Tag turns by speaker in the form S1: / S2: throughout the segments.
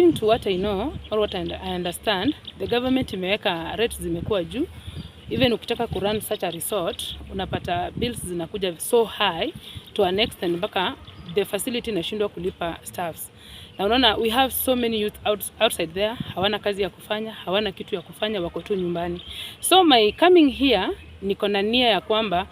S1: According to what I know or what I understand, the government imeweka rate zimekuwa juu. Even ukitaka ku run such a resort unapata bills zinakuja so high to an extent mpaka the facility inashindwa kulipa staffs. Na unaona we have so many youth out, outside there hawana kazi ya kufanya, hawana kitu ya kufanya, wako tu nyumbani. So my coming here niko na nia ya kwamba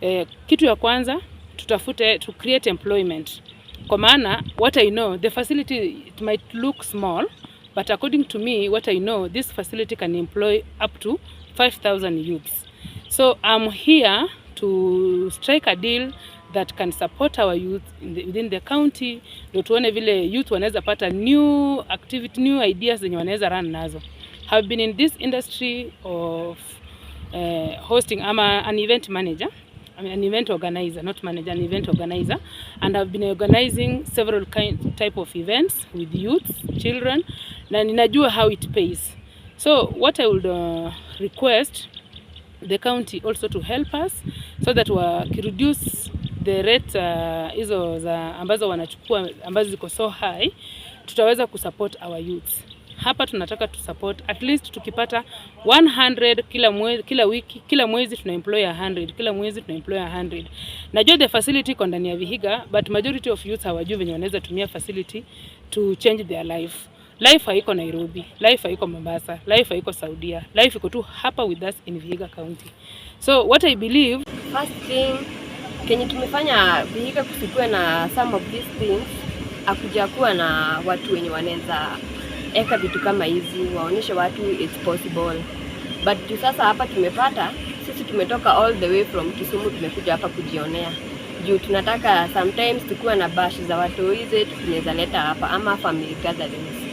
S1: eh, kitu ya kwanza tutafute to create employment kwa maana what I know the facility it might look small but according to me what I know this facility can employ up to 5000 youths. So I'm here to strike a deal that can support our youth in the, within the county ndio tuone vile youth wanaweza pata new activity, new ideas zenye wanaweza run nazo. Have been in this industry of uh, hosting. I'm a, an event manager I'm an event organizer, not manager, an event organizer. And I've been organizing several kind, type of events with youths, children, na ninajua how it pays. So what I would uh, request the county also to help us so that wakireduce the rate uh, za ambazo wanachukua ambazo ziko so high tutaweza kusupport our youths. Hapa tunataka tu support at least tukipata 100 kila mwezi, kila wiki, kila mwezi tuna employ 100, kila mwezi tuna employ 100. Najua the facility iko ndani ya Vihiga but majority of youth hawajui venye wanaweza tumia facility to change their life. Life haiko Nairobi, life haiko Mombasa, life haiko Saudia, life iko tu hapa with us in Vihiga County. So what I believe
S2: first thing kenye tumefanya Vihiga kusikue na some of these things akuja kuwa na watu wenye wanaweza eka vitu kama hizi, waonyeshe watu it's possible. But tu sasa hapa tumepata sisi, tumetoka all the way from Kisumu tumekuja hapa kujionea juu tunataka sometimes tukuwa na bash za watoi zetu tunaweza leta hapa ama family gatherings.